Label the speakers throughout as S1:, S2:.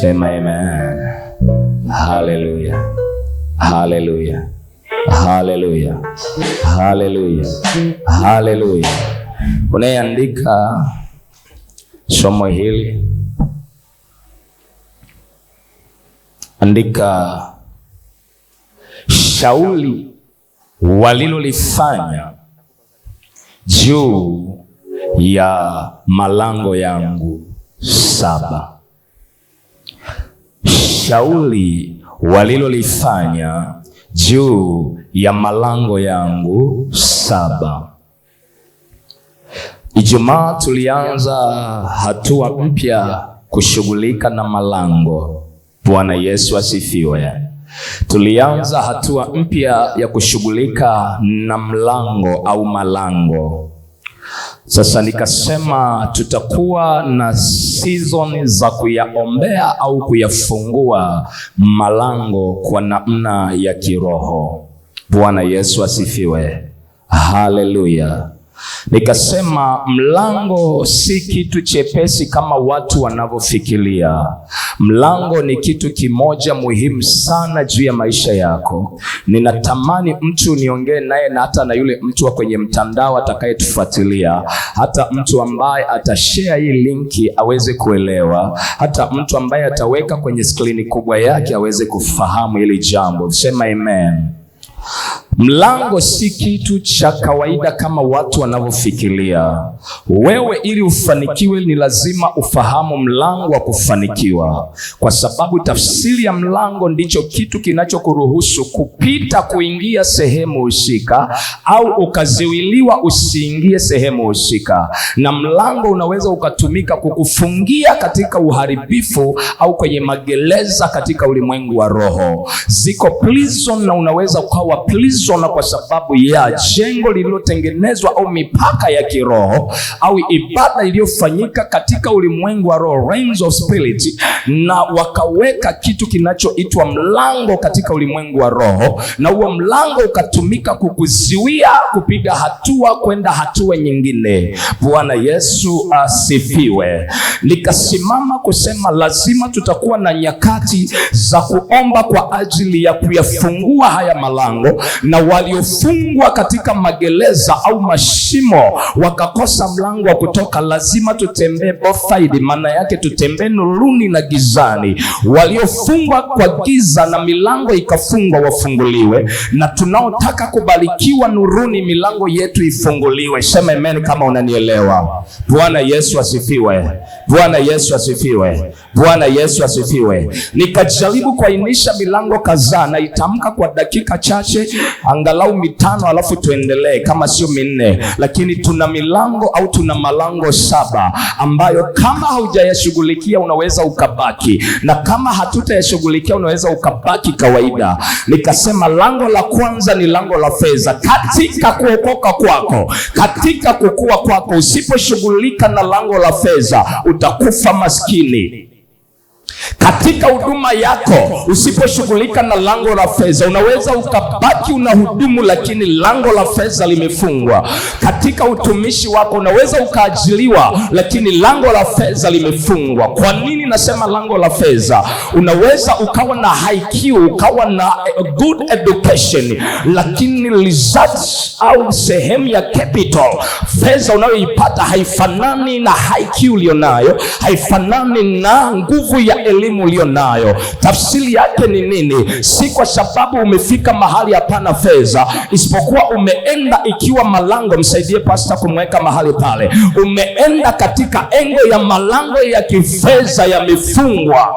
S1: sema amen. Haleluya, haleluya, haleluya, haleluya, haleluya. Unayeandika somo hili, andika shauli walilolifanya juu ya malango yangu saba shauli walilolifanya juu ya malango yangu saba. Ijumaa tulianza hatua mpya kushughulika na malango. Bwana Yesu asifiwe. Tulianza hatua mpya ya kushughulika na mlango au malango. Sasa nikasema tutakuwa na season za kuyaombea au kuyafungua malango kwa namna ya kiroho. Bwana Yesu asifiwe, haleluya. Nikasema mlango si kitu chepesi kama watu wanavyofikiria. Mlango ni kitu kimoja muhimu sana juu ya maisha yako. Ninatamani mtu niongee naye na hata na yule mtu wa kwenye mtandao atakayetufuatilia, hata mtu ambaye atashare hii linki aweze kuelewa, hata mtu ambaye ataweka kwenye skrini kubwa yake aweze kufahamu hili jambo. Sema amen. Mlango si kitu cha kawaida kama watu wanavyofikiria. Wewe ili ufanikiwe, ni lazima ufahamu mlango wa kufanikiwa, kwa sababu tafsiri ya mlango ndicho kitu kinachokuruhusu kupita, kuingia sehemu husika, au ukaziwiliwa usiingie sehemu husika. Na mlango unaweza ukatumika kukufungia katika uharibifu au kwenye magereza katika ulimwengu wa roho. Ziko prison na unaweza ukawa prison Sona, kwa sababu ya jengo lililotengenezwa au mipaka ya kiroho au ibada iliyofanyika katika ulimwengu wa roho, realms of spirit, na wakaweka kitu kinachoitwa mlango katika ulimwengu wa roho, na huo mlango ukatumika kukuziwia kupiga hatua kwenda hatua nyingine. Bwana Yesu asifiwe. Nikasimama kusema lazima tutakuwa na nyakati za kuomba kwa ajili ya kuyafungua haya malango na waliofungwa katika magereza au mashimo wakakosa mlango wa kutoka, lazima tutembee bofaidi, maana yake tutembee nuruni na gizani. Waliofungwa kwa giza na milango ikafungwa wafunguliwe, na tunaotaka kubarikiwa nuruni milango yetu ifunguliwe. Sema amen kama unanielewa. Bwana Yesu asifiwe! Bwana Yesu asifiwe! Bwana Yesu asifiwe! Nikajaribu kuainisha milango kadhaa, naitamka kwa dakika chache angalau mitano, alafu tuendelee kama sio minne, lakini tuna milango au tuna malango saba ambayo kama haujayashughulikia unaweza ukabaki, na kama hatutayashughulikia unaweza ukabaki kawaida. Nikasema lango la kwanza ni lango la fedha. Katika kuokoka kwako, katika kukua kwako, usiposhughulika na lango la fedha utakufa maskini. Katika huduma yako usiposhughulika na lango la fedha, unaweza ukabaki unahudumu, lakini lango la fedha limefungwa. Katika utumishi wako unaweza ukaajiliwa, lakini lango la fedha limefungwa. Kwa nini nasema lango la fedha? Unaweza ukawa na IQ, ukawa na good education, lakini results au sehemu ya capital fedha unayoipata haifanani na IQ ulionayo, haifanani na nguvu ya elimu ulio nayo. Tafsiri yake ni nini? Si kwa sababu umefika mahali hapana fedha, isipokuwa umeenda ikiwa malango, msaidie pasta kumweka mahali pale, umeenda katika engo ya malango ya kifedha yamefungwa.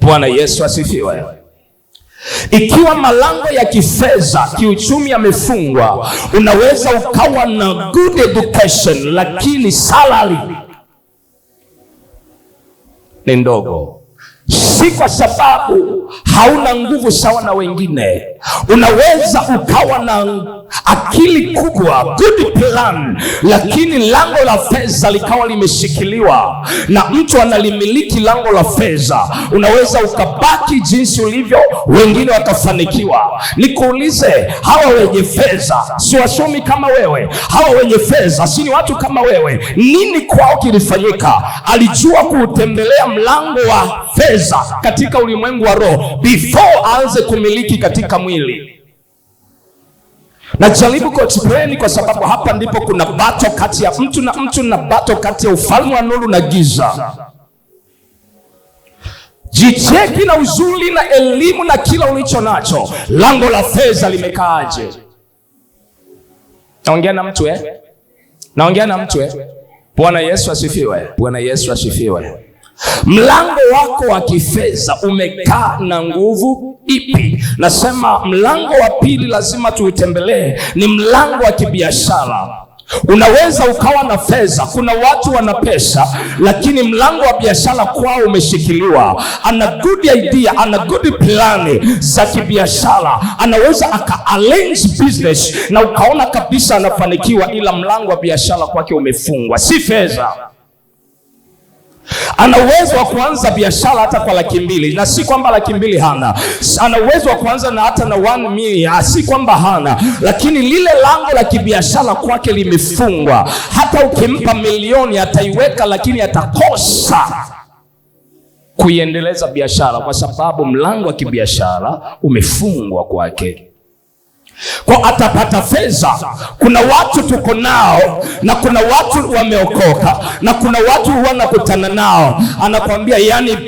S1: Bwana Yesu asifiwe. Ikiwa malango ya kifedha kiuchumi yamefungwa, unaweza ukawa na good education, lakini salary ni ndogo si kwa sababu hauna nguvu sawa na wengine. Unaweza ukawa na akili kubwa, good plan, lakini lango la fedha likawa limeshikiliwa na mtu analimiliki lango la fedha. Unaweza ukabaki jinsi ulivyo, wengine watafanikiwa. Nikuulize, hawa wenye fedha si wasomi kama wewe? Hawa wenye fedha si ni watu kama wewe? Nini kwao kilifanyika? Alijua kuutembelea mlango wa fedha katika ulimwengu wa roho before aanze kumiliki katika mwili na jaribu kuexplain kwa sababu hapa ndipo kuna bato kati ya mtu na mtu na bato kati ya ufalme wa nuru na giza. Jicheki na uzuri na elimu na kila ulicho nacho. Lango la fedha limekaaje? Naongea na mtu eh? Naongea na mtu eh? Bwana Yesu asifiwe. Bwana Yesu asifiwe. Mlango wako wa kifedha umekaa na nguvu ipi? Nasema mlango wa pili lazima tuutembelee, ni mlango wa kibiashara. Unaweza ukawa na fedha, kuna watu wana pesa, lakini mlango wa biashara kwao umeshikiliwa. Ana good idea, ana good plan za kibiashara, anaweza aka arrange business na ukaona kabisa anafanikiwa, ila mlango wa biashara kwake umefungwa, si fedha ana uwezo wa kuanza biashara hata kwa laki mbili na si kwamba laki mbili hana. Ana uwezo wa kuanza na hata na one million, si kwamba hana, lakini lile lango la kibiashara kwake limefungwa. Hata ukimpa milioni ataiweka, lakini atakosa kuiendeleza biashara kwa sababu mlango wa kibiashara umefungwa kwake kwa atapata fedha. Kuna watu tuko nao na kuna watu wameokoka na kuna watu wanakutana nao, anakwambia yani,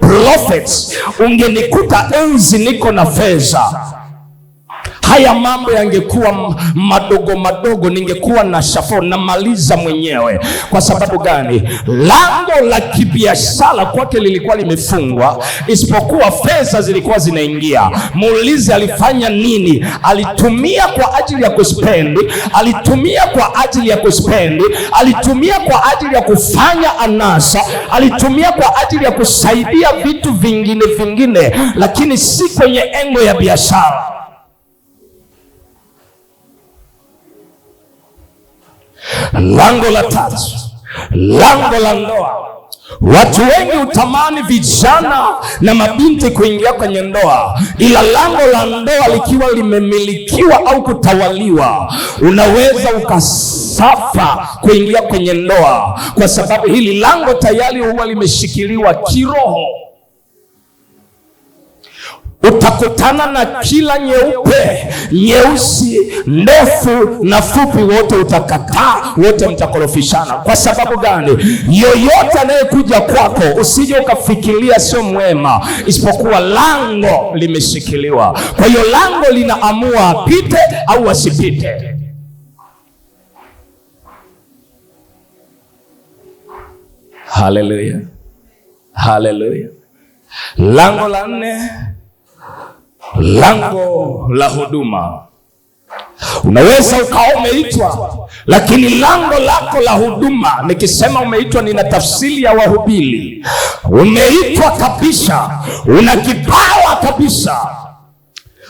S1: prophet, ungenikuta enzi niko na fedha haya mambo yangekuwa madogo madogo, ningekuwa na shafo namaliza mwenyewe. Kwa sababu gani? Lango la kibiashara kwake lilikuwa limefungwa, isipokuwa fedha zilikuwa zinaingia. Muulize, alifanya nini? Alitumia kwa ajili ya kuspendi, alitumia kwa ajili ya kuspendi, alitumia kwa ajili ya kufanya anasa, alitumia kwa ajili ya kusaidia vitu vingine vingine, lakini si kwenye engo ya biashara. Lango la tatu, lango la ndoa. Watu wengi hutamani vijana na mabinti kuingia kwenye ndoa, ila lango la ndoa likiwa limemilikiwa au kutawaliwa, unaweza ukasafa kuingia kwenye ndoa, kwa sababu hili lango tayari huwa limeshikiliwa kiroho utakutana na kila nyeupe, nyeusi, ndefu na fupi, wote utakataa, wote mtakorofishana. Kwa sababu gani? Yoyote anayekuja kwako, usije ukafikiria sio mwema, isipokuwa lango limeshikiliwa. Kwa hiyo lango linaamua apite au asipite. Haleluya, haleluya. Lango la nne lango la huduma. Unaweza ukawa umeitwa, lakini lango lako la huduma. Nikisema umeitwa, nina tafsiri ya wahubiri. Umeitwa kabisa, una kipawa kabisa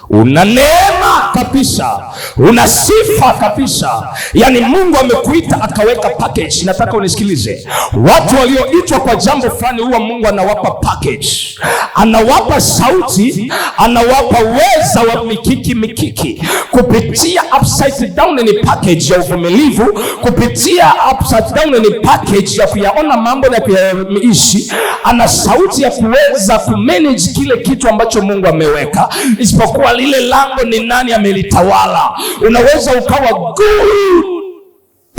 S1: una neema kabisa, una sifa kabisa. Yani Mungu amekuita akaweka package. Nataka unisikilize, watu walioitwa kwa jambo fulani huwa Mungu anawapa package, anawapa sauti, anawapa uweza wa mikiki mikiki, kupitia upside down ni package ya uvumilivu, kupitia upside down ni package ya kuyaona mambo na kuyaishi. Ana sauti ya kuweza kumanage kile kitu ambacho Mungu ameweka, isipokuwa lile lango ni nani amelitawala. Unaweza ukawa guru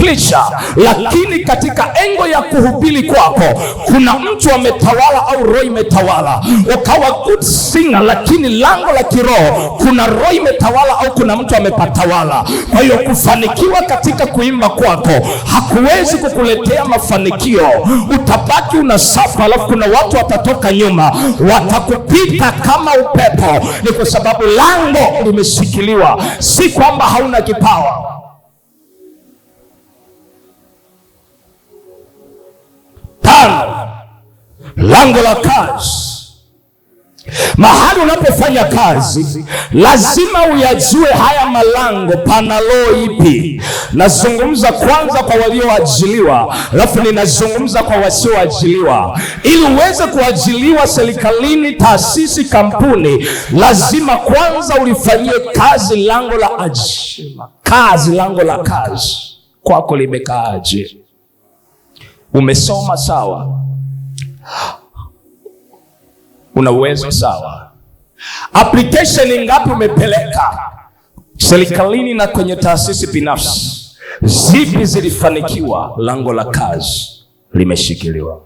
S1: kusiklisha, lakini katika engo ya kuhubiri kwako kuna mtu ametawala au roho imetawala, ukawa good singer, lakini lango la kiroho kuna roho imetawala au kuna mtu amepatawala. Kwa hiyo kufanikiwa katika kuimba kwako hakuwezi kukuletea mafanikio, utabaki unasafa, alafu kuna watu watatoka nyuma watakupita kama upepo. Ni kwa sababu lango limeshikiliwa, si kwamba hauna kipawa. lango la kazi. Mahali unapofanya kazi lazima uyajue haya malango, pana loo ipi? Nazungumza kwanza kwa walioajiliwa, alafu ninazungumza kwa wasioajiliwa. Ili uweze kuajiliwa serikalini, taasisi, kampuni, lazima kwanza ulifanyie kazi lango la ajira. Kazi, lango la kazi kwako limekaaje? Umesoma sawa Una uwezo sawa. Application ngapi umepeleka serikalini na kwenye taasisi binafsi? Zipi zilifanikiwa? Lango la kazi limeshikiliwa.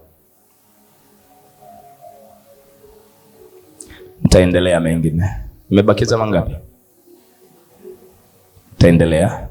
S1: Nitaendelea mengine. Nimebakiza mangapi? taendelea